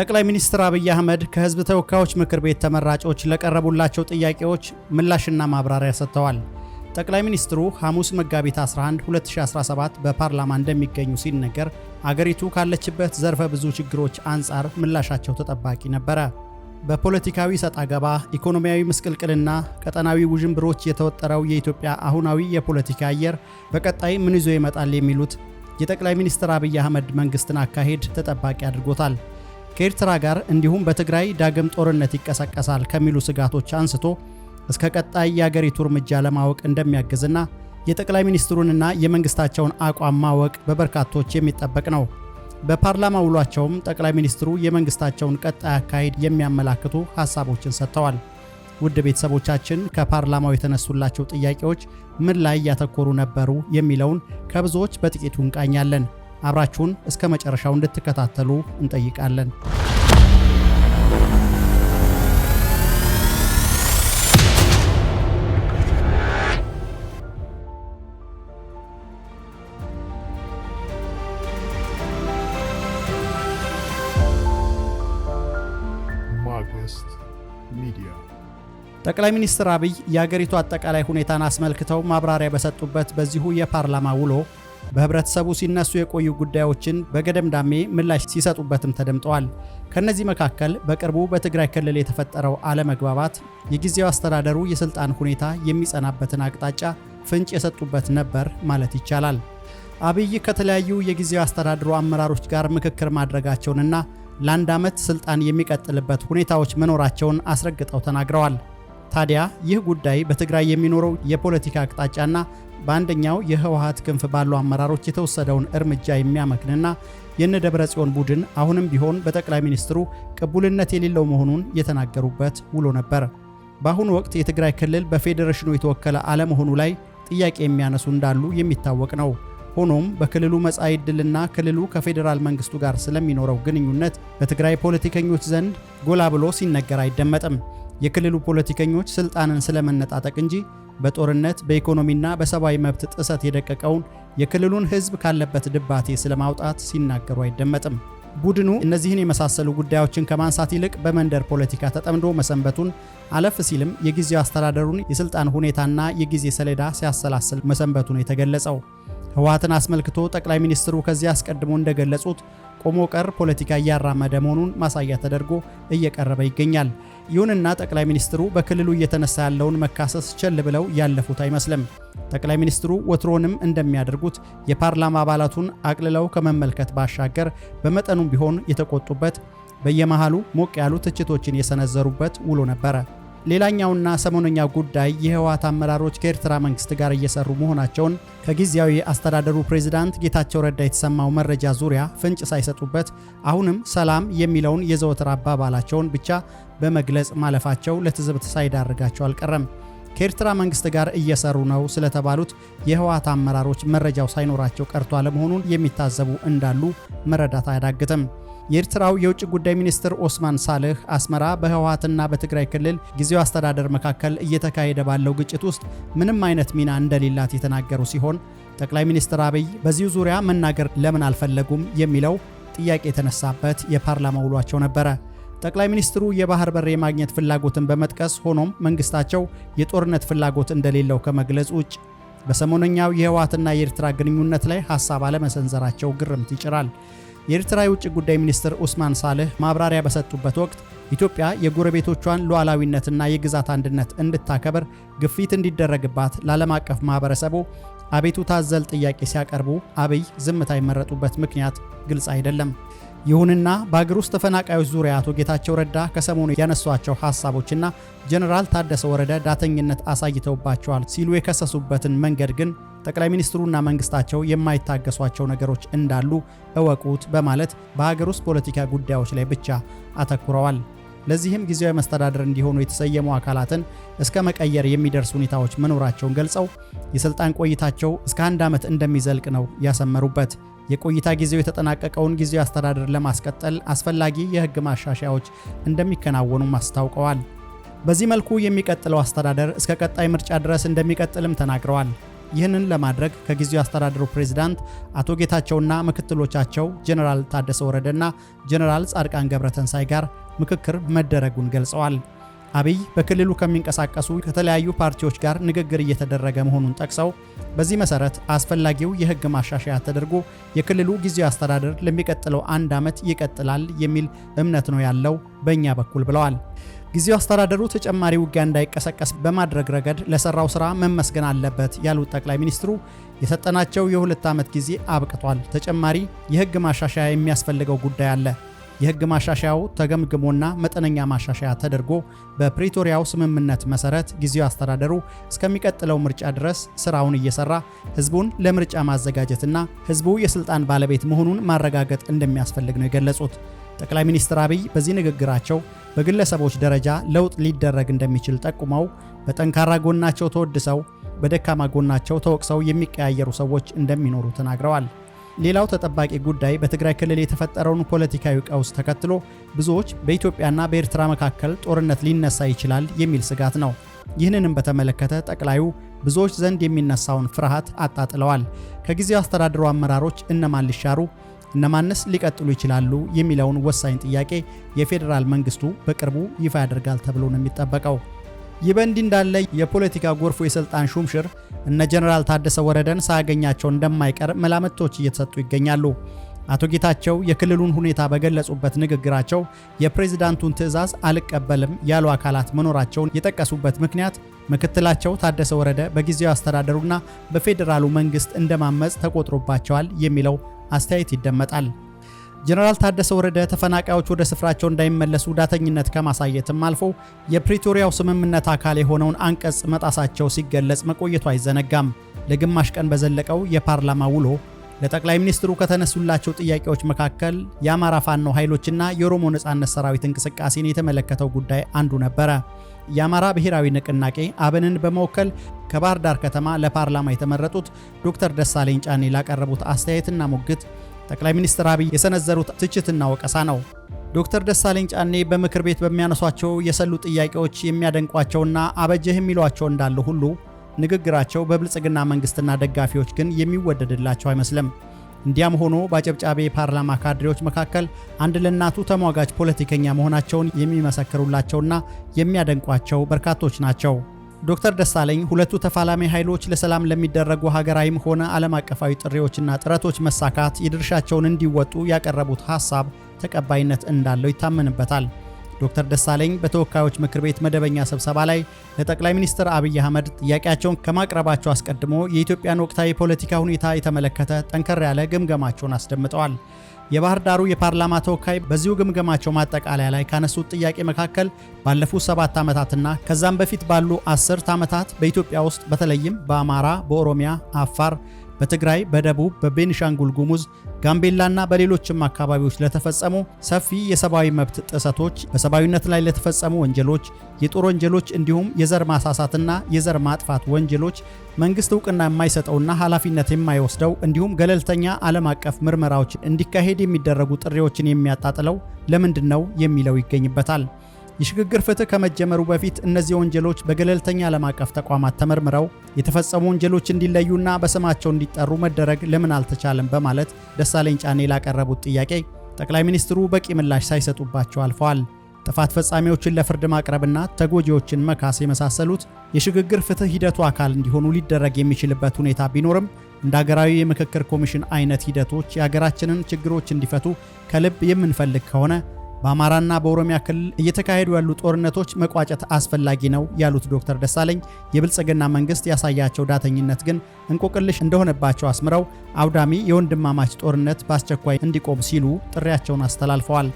ጠቅላይ ሚኒስትር አብይ አህመድ ከህዝብ ተወካዮች ምክር ቤት ተመራጮች ለቀረቡላቸው ጥያቄዎች ምላሽና ማብራሪያ ሰጥተዋል። ጠቅላይ ሚኒስትሩ ሐሙስ መጋቢት 11 2017 በፓርላማ እንደሚገኙ ሲነገር አገሪቱ ካለችበት ዘርፈ ብዙ ችግሮች አንጻር ምላሻቸው ተጠባቂ ነበረ። በፖለቲካዊ ሰጣ ገባ፣ ኢኮኖሚያዊ ምስቅልቅልና ቀጠናዊ ውዥንብሮች የተወጠረው የኢትዮጵያ አሁናዊ የፖለቲካ አየር በቀጣይ ምን ይዞ ይመጣል የሚሉት የጠቅላይ ሚኒስትር አብይ አህመድ መንግስትን አካሄድ ተጠባቂ አድርጎታል። ከኤርትራ ጋር እንዲሁም በትግራይ ዳግም ጦርነት ይቀሰቀሳል ከሚሉ ስጋቶች አንስቶ እስከ ቀጣይ የአገሪቱ እርምጃ ለማወቅ እንደሚያግዝና የጠቅላይ ሚኒስትሩንና የመንግስታቸውን አቋም ማወቅ በበርካቶች የሚጠበቅ ነው። በፓርላማ ውሏቸውም ጠቅላይ ሚኒስትሩ የመንግስታቸውን ቀጣይ አካሄድ የሚያመላክቱ ሀሳቦችን ሰጥተዋል። ውድ ቤተሰቦቻችን ከፓርላማው የተነሱላቸው ጥያቄዎች ምን ላይ ያተኮሩ ነበሩ የሚለውን ከብዙዎች በጥቂቱ እንቃኛለን። አብራችሁን እስከ መጨረሻው እንድትከታተሉ እንጠይቃለን። ጠቅላይ ሚኒስትር አብይ የአገሪቱ አጠቃላይ ሁኔታን አስመልክተው ማብራሪያ በሰጡበት በዚሁ የፓርላማ ውሎ በህብረተሰቡ ሲነሱ የቆዩ ጉዳዮችን በገደምዳሜ ምላሽ ሲሰጡበትም ተደምጠዋል። ከነዚህ መካከል በቅርቡ በትግራይ ክልል የተፈጠረው አለመግባባት የጊዜው አስተዳደሩ የስልጣን ሁኔታ የሚጸናበትን አቅጣጫ ፍንጭ የሰጡበት ነበር ማለት ይቻላል። አብይ ከተለያዩ የጊዜው አስተዳደሩ አመራሮች ጋር ምክክር ማድረጋቸውንና ለአንድ ዓመት ስልጣን የሚቀጥልበት ሁኔታዎች መኖራቸውን አስረግጠው ተናግረዋል። ታዲያ ይህ ጉዳይ በትግራይ የሚኖረው የፖለቲካ አቅጣጫና በአንደኛው የህወሀት ክንፍ ባሉ አመራሮች የተወሰደውን እርምጃ የሚያመክንና የነ ደብረ ጽዮን ቡድን አሁንም ቢሆን በጠቅላይ ሚኒስትሩ ቅቡልነት የሌለው መሆኑን የተናገሩበት ውሎ ነበር። በአሁኑ ወቅት የትግራይ ክልል በፌዴሬሽኑ የተወከለ አለመሆኑ ላይ ጥያቄ የሚያነሱ እንዳሉ የሚታወቅ ነው። ሆኖም በክልሉ መጻኢ ዕድልና ክልሉ ከፌዴራል መንግስቱ ጋር ስለሚኖረው ግንኙነት በትግራይ ፖለቲከኞች ዘንድ ጎላ ብሎ ሲነገር አይደመጥም። የክልሉ ፖለቲከኞች ስልጣንን ስለመነጣጠቅ እንጂ በጦርነት በኢኮኖሚና በሰብአዊ መብት ጥሰት የደቀቀውን የክልሉን ሕዝብ ካለበት ድባቴ ስለማውጣት ሲናገሩ አይደመጥም። ቡድኑ እነዚህን የመሳሰሉ ጉዳዮችን ከማንሳት ይልቅ በመንደር ፖለቲካ ተጠምዶ መሰንበቱን አለፍ ሲልም የጊዜው አስተዳደሩን የስልጣን ሁኔታና የጊዜ ሰሌዳ ሲያሰላስል መሰንበቱን የተገለጸው ህወሓትን አስመልክቶ ጠቅላይ ሚኒስትሩ ከዚህ አስቀድሞ እንደገለጹት ቆሞ ቀር ፖለቲካ እያራመደ መሆኑን ማሳያ ተደርጎ እየቀረበ ይገኛል። ይሁንና ጠቅላይ ሚኒስትሩ በክልሉ እየተነሳ ያለውን መካሰስ ቸል ብለው ያለፉት አይመስልም። ጠቅላይ ሚኒስትሩ ወትሮንም እንደሚያደርጉት የፓርላማ አባላቱን አቅልለው ከመመልከት ባሻገር በመጠኑም ቢሆን የተቆጡበት፣ በየመሃሉ ሞቅ ያሉ ትችቶችን የሰነዘሩበት ውሎ ነበረ። ሌላኛውና ሰሞነኛ ጉዳይ የህወሓት አመራሮች ከኤርትራ መንግስት ጋር እየሰሩ መሆናቸውን ከጊዜያዊ አስተዳደሩ ፕሬዝዳንት ጌታቸው ረዳ የተሰማው መረጃ ዙሪያ ፍንጭ ሳይሰጡበት አሁንም ሰላም የሚለውን የዘወትር አባባላቸውን ብቻ በመግለጽ ማለፋቸው ለትዝብት ሳይዳርጋቸው አልቀረም። ከኤርትራ መንግስት ጋር እየሰሩ ነው ስለተባሉት የህወሓት አመራሮች መረጃው ሳይኖራቸው ቀርቶ አለመሆኑን የሚታዘቡ እንዳሉ መረዳት አያዳግትም። የኤርትራው የውጭ ጉዳይ ሚኒስትር ኦስማን ሳልህ አስመራ በህወሀትና በትግራይ ክልል ጊዜያዊ አስተዳደር መካከል እየተካሄደ ባለው ግጭት ውስጥ ምንም አይነት ሚና እንደሌላት የተናገሩ ሲሆን ጠቅላይ ሚኒስትር አብይ በዚሁ ዙሪያ መናገር ለምን አልፈለጉም የሚለው ጥያቄ የተነሳበት የፓርላማ ውሏቸው ነበረ። ጠቅላይ ሚኒስትሩ የባህር በር የማግኘት ፍላጎትን በመጥቀስ ሆኖም መንግስታቸው የጦርነት ፍላጎት እንደሌለው ከመግለጽ ውጭ በሰሞነኛው የህወሓትና የኤርትራ ግንኙነት ላይ ሀሳብ አለመሰንዘራቸው ግርምት ይጭራል። የኤርትራ የውጭ ጉዳይ ሚኒስትር ኡስማን ሳልህ ማብራሪያ በሰጡበት ወቅት ኢትዮጵያ የጎረቤቶቿን ሉዓላዊነትና የግዛት አንድነት እንድታከብር ግፊት እንዲደረግባት ለዓለም አቀፍ ማህበረሰቡ አቤቱታ አዘል ጥያቄ ሲያቀርቡ አብይ ዝምታ የመረጡበት ምክንያት ግልጽ አይደለም። ይሁንና በአገር ውስጥ ተፈናቃዮች ዙሪያ አቶ ጌታቸው ረዳ ከሰሞኑ ያነሷቸው ሀሳቦችና ጀኔራል ታደሰ ወረደ ዳተኝነት አሳይተውባቸዋል ሲሉ የከሰሱበትን መንገድ ግን ጠቅላይ ሚኒስትሩና መንግስታቸው የማይታገሷቸው ነገሮች እንዳሉ እወቁት በማለት በሀገር ውስጥ ፖለቲካ ጉዳዮች ላይ ብቻ አተኩረዋል። ለዚህም ጊዜያዊ መስተዳደር እንዲሆኑ የተሰየሙ አካላትን እስከ መቀየር የሚደርስ ሁኔታዎች መኖራቸውን ገልጸው የስልጣን ቆይታቸው እስከ አንድ ዓመት እንደሚዘልቅ ነው ያሰመሩበት። የቆይታ ጊዜው የተጠናቀቀውን ጊዜያዊ አስተዳደር ለማስቀጠል አስፈላጊ የህግ ማሻሻያዎች እንደሚከናወኑም አስታውቀዋል። በዚህ መልኩ የሚቀጥለው አስተዳደር እስከ ቀጣይ ምርጫ ድረስ እንደሚቀጥልም ተናግረዋል። ይህንን ለማድረግ ከጊዜያዊ አስተዳደሩ ፕሬዚዳንት አቶ ጌታቸውና ምክትሎቻቸው ጀኔራል ታደሰ ወረደና ጀኔራል ጻድቃን ገብረተንሳይ ጋር ምክክር መደረጉን ገልጸዋል። አብይ በክልሉ ከሚንቀሳቀሱ ከተለያዩ ፓርቲዎች ጋር ንግግር እየተደረገ መሆኑን ጠቅሰው በዚህ መሰረት አስፈላጊው የህግ ማሻሻያ ተደርጎ የክልሉ ጊዜያዊ አስተዳደር ለሚቀጥለው አንድ ዓመት ይቀጥላል የሚል እምነት ነው ያለው በእኛ በኩል ብለዋል። ጊዜው አስተዳደሩ ተጨማሪ ውጊያ እንዳይቀሰቀስ በማድረግ ረገድ ለሰራው ስራ መመስገን አለበት ያሉት ጠቅላይ ሚኒስትሩ የሰጠናቸው የሁለት ዓመት ጊዜ አብቅቷል፣ ተጨማሪ የህግ ማሻሻያ የሚያስፈልገው ጉዳይ አለ የህግ ማሻሻያው ተገምግሞና መጠነኛ ማሻሻያ ተደርጎ በፕሪቶሪያው ስምምነት መሰረት ጊዜው አስተዳደሩ እስከሚቀጥለው ምርጫ ድረስ ስራውን እየሰራ ህዝቡን ለምርጫ ማዘጋጀትና ህዝቡ የስልጣን ባለቤት መሆኑን ማረጋገጥ እንደሚያስፈልግ ነው የገለጹት። ጠቅላይ ሚኒስትር አብይ በዚህ ንግግራቸው በግለሰቦች ደረጃ ለውጥ ሊደረግ እንደሚችል ጠቁመው በጠንካራ ጎናቸው ተወድሰው በደካማ ጎናቸው ተወቅሰው የሚቀያየሩ ሰዎች እንደሚኖሩ ተናግረዋል። ሌላው ተጠባቂ ጉዳይ በትግራይ ክልል የተፈጠረውን ፖለቲካዊ ቀውስ ተከትሎ ብዙዎች በኢትዮጵያና በኤርትራ መካከል ጦርነት ሊነሳ ይችላል የሚል ስጋት ነው። ይህንንም በተመለከተ ጠቅላዩ ብዙዎች ዘንድ የሚነሳውን ፍርሃት አጣጥለዋል። ከጊዜው አስተዳደሩ አመራሮች እነማን ሊሻሩ እነማንስ ሊቀጥሉ ይችላሉ የሚለውን ወሳኝ ጥያቄ የፌዴራል መንግስቱ በቅርቡ ይፋ ያደርጋል ተብሎ ነው የሚጠበቀው። ይህ በእንዲህ እንዳለ የፖለቲካ ጎርፉ የስልጣን ሹምሽር እነ ጀነራል ታደሰ ወረደን ሳያገኛቸው እንደማይቀር መላምቶች እየተሰጡ ይገኛሉ። አቶ ጌታቸው የክልሉን ሁኔታ በገለጹበት ንግግራቸው የፕሬዝዳንቱን ትዕዛዝ አልቀበልም ያሉ አካላት መኖራቸውን የጠቀሱበት ምክንያት ምክትላቸው ታደሰ ወረደ በጊዜያዊ አስተዳደሩና በፌዴራሉ መንግስት እንደማመፅ ተቆጥሮባቸዋል የሚለው አስተያየት ይደመጣል። ጀነራል ታደሰ ወረደ ተፈናቃዮች ወደ ስፍራቸው እንዳይመለሱ ዳተኝነት ከማሳየትም አልፎ የፕሪቶሪያው ስምምነት አካል የሆነውን አንቀጽ መጣሳቸው ሲገለጽ መቆየቱ አይዘነጋም። ለግማሽ ቀን በዘለቀው የፓርላማ ውሎ ለጠቅላይ ሚኒስትሩ ከተነሱላቸው ጥያቄዎች መካከል የአማራ ፋኖ ኃይሎችና የኦሮሞ ነጻነት ሰራዊት እንቅስቃሴን የተመለከተው ጉዳይ አንዱ ነበረ። የአማራ ብሔራዊ ንቅናቄ አብንን በመወከል ከባህር ዳር ከተማ ለፓርላማ የተመረጡት ዶክተር ደሳለኝ ጫኔ ላቀረቡት አስተያየትና ሙግት ጠቅላይ ሚኒስትር አብይ የሰነዘሩት ትችትና ወቀሳ ነው። ዶክተር ደሳለኝ ጫኔ በምክር ቤት በሚያነሷቸው የሰሉ ጥያቄዎች የሚያደንቋቸውና አበጀህ የሚሏቸው እንዳለ ሁሉ ንግግራቸው በብልጽግና መንግስትና ደጋፊዎች ግን የሚወደድላቸው አይመስልም። እንዲያም ሆኖ በአጨብጫቤ ፓርላማ ካድሬዎች መካከል አንድ ለእናቱ ተሟጋች ፖለቲከኛ መሆናቸውን የሚመሰክሩላቸውና የሚያደንቋቸው በርካቶች ናቸው። ዶክተር ደሳለኝ ሁለቱ ተፋላሚ ኃይሎች ለሰላም ለሚደረጉ ሀገራዊም ሆነ ዓለም አቀፋዊ ጥሪዎችና ጥረቶች መሳካት የድርሻቸውን እንዲወጡ ያቀረቡት ሐሳብ ተቀባይነት እንዳለው ይታመንበታል። ዶክተር ደሳለኝ በተወካዮች ምክር ቤት መደበኛ ስብሰባ ላይ ለጠቅላይ ሚኒስትር አብይ አህመድ ጥያቄያቸውን ከማቅረባቸው አስቀድሞ የኢትዮጵያን ወቅታዊ የፖለቲካ ሁኔታ የተመለከተ ጠንከር ያለ ግምገማቸውን አስደምጠዋል። የባህር ዳሩ የፓርላማ ተወካይ በዚሁ ግምገማቸው ማጠቃለያ ላይ ካነሱት ጥያቄ መካከል ባለፉት ሰባት ዓመታትና ከዛም በፊት ባሉ አስርት ዓመታት በኢትዮጵያ ውስጥ በተለይም በአማራ፣ በኦሮሚያ፣ አፋር በትግራይ፣ በደቡብ፣ በቤኒሻንጉል ጉሙዝ፣ ጋምቤላና በሌሎችም አካባቢዎች ለተፈጸሙ ሰፊ የሰብአዊ መብት ጥሰቶች፣ በሰብአዊነት ላይ ለተፈጸሙ ወንጀሎች፣ የጦር ወንጀሎች እንዲሁም የዘር ማሳሳትና የዘር ማጥፋት ወንጀሎች መንግስት እውቅና የማይሰጠውና ኃላፊነት የማይወስደው እንዲሁም ገለልተኛ ዓለም አቀፍ ምርመራዎች እንዲካሄድ የሚደረጉ ጥሪዎችን የሚያጣጥለው ለምንድን ነው የሚለው ይገኝበታል። የሽግግር ፍትህ ከመጀመሩ በፊት እነዚህ ወንጀሎች በገለልተኛ ዓለም አቀፍ ተቋማት ተመርምረው የተፈጸሙ ወንጀሎች እንዲለዩና በስማቸው እንዲጠሩ መደረግ ለምን አልተቻለም በማለት ደሳለኝ ጫኔ ላቀረቡት ጥያቄ ጠቅላይ ሚኒስትሩ በቂ ምላሽ ሳይሰጡባቸው አልፈዋል። ጥፋት ፈጻሚዎችን ለፍርድ ማቅረብና ተጎጂዎችን መካስ የመሳሰሉት የሽግግር ፍትህ ሂደቱ አካል እንዲሆኑ ሊደረግ የሚችልበት ሁኔታ ቢኖርም እንደ አገራዊ የምክክር ኮሚሽን አይነት ሂደቶች የሀገራችንን ችግሮች እንዲፈቱ ከልብ የምንፈልግ ከሆነ በአማራና በኦሮሚያ ክልል እየተካሄዱ ያሉ ጦርነቶች መቋጨት አስፈላጊ ነው ያሉት ዶክተር ደሳለኝ የብልጽግና መንግስት ያሳያቸው ዳተኝነት ግን እንቆቅልሽ እንደሆነባቸው አስምረው አውዳሚ የወንድማማች ጦርነት በአስቸኳይ እንዲቆም ሲሉ ጥሪያቸውን አስተላልፈዋል።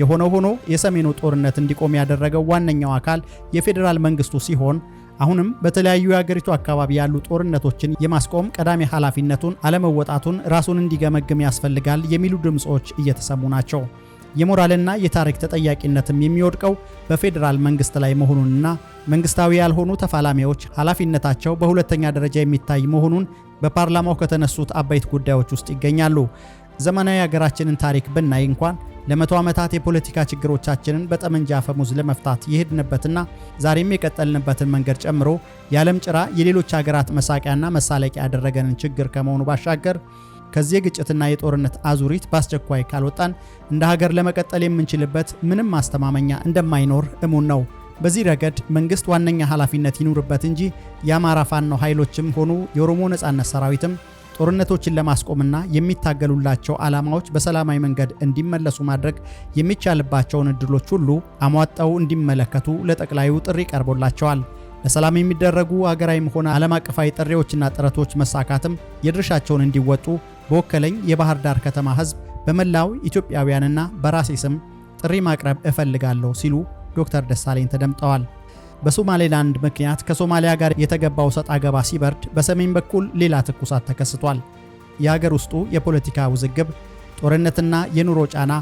የሆነ ሆኖ የሰሜኑ ጦርነት እንዲቆም ያደረገው ዋነኛው አካል የፌዴራል መንግስቱ ሲሆን አሁንም በተለያዩ የአገሪቱ አካባቢ ያሉ ጦርነቶችን የማስቆም ቀዳሚ ኃላፊነቱን አለመወጣቱን ራሱን እንዲገመግም ያስፈልጋል የሚሉ ድምፆች እየተሰሙ ናቸው። የሞራልና የታሪክ ተጠያቂነትም የሚወድቀው በፌዴራል መንግስት ላይ መሆኑንና መንግስታዊ ያልሆኑ ተፋላሚዎች ኃላፊነታቸው በሁለተኛ ደረጃ የሚታይ መሆኑን በፓርላማው ከተነሱት አበይት ጉዳዮች ውስጥ ይገኛሉ። ዘመናዊ ሀገራችንን ታሪክ ብናይ እንኳን ለመቶ ዓመታት የፖለቲካ ችግሮቻችንን በጠመንጃ አፈሙዝ ለመፍታት የሄድንበትና ዛሬም የቀጠልንበትን መንገድ ጨምሮ የዓለም ጭራ የሌሎች ሀገራት መሳቂያና መሳለቂያ ያደረገንን ችግር ከመሆኑ ባሻገር ከዚህ የግጭትና የጦርነት አዙሪት በአስቸኳይ ካልወጣን እንደ ሀገር ለመቀጠል የምንችልበት ምንም ማስተማመኛ እንደማይኖር እሙን ነው። በዚህ ረገድ መንግስት ዋነኛ ኃላፊነት ይኑርበት እንጂ የአማራ ፋኖ ኃይሎችም ሆኑ የኦሮሞ ነጻነት ሰራዊትም ጦርነቶችን ለማስቆምና የሚታገሉላቸው ዓላማዎች በሰላማዊ መንገድ እንዲመለሱ ማድረግ የሚቻልባቸውን እድሎች ሁሉ አሟጠው እንዲመለከቱ ለጠቅላዩ ጥሪ ቀርቦላቸዋል። ለሰላም የሚደረጉ አገራዊም ሆነ ዓለም አቀፋዊ ጥሪዎችና ጥረቶች መሳካትም የድርሻቸውን እንዲወጡ በወከለኝ የባህር ዳር ከተማ ሕዝብ በመላው ኢትዮጵያውያንና በራሴ ስም ጥሪ ማቅረብ እፈልጋለሁ ሲሉ ዶክተር ደሳለኝ ተደምጠዋል። በሶማሌላንድ ምክንያት ከሶማሊያ ጋር የተገባው ሰጥ አገባ ሲበርድ በሰሜን በኩል ሌላ ትኩሳት ተከስቷል። የአገር ውስጡ የፖለቲካ ውዝግብ፣ ጦርነትና የኑሮ ጫና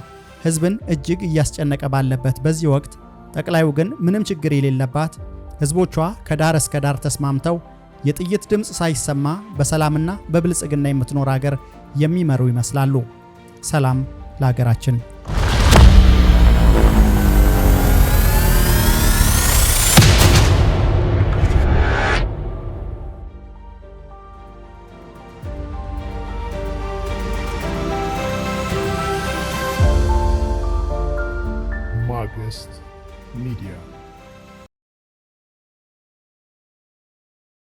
ሕዝብን እጅግ እያስጨነቀ ባለበት በዚህ ወቅት ጠቅላዩ ግን ምንም ችግር የሌለባት ህዝቦቿ ከዳር እስከ ዳር ተስማምተው የጥይት ድምፅ ሳይሰማ በሰላምና በብልጽግና የምትኖር አገር የሚመሩ ይመስላሉ። ሰላም ለሀገራችን።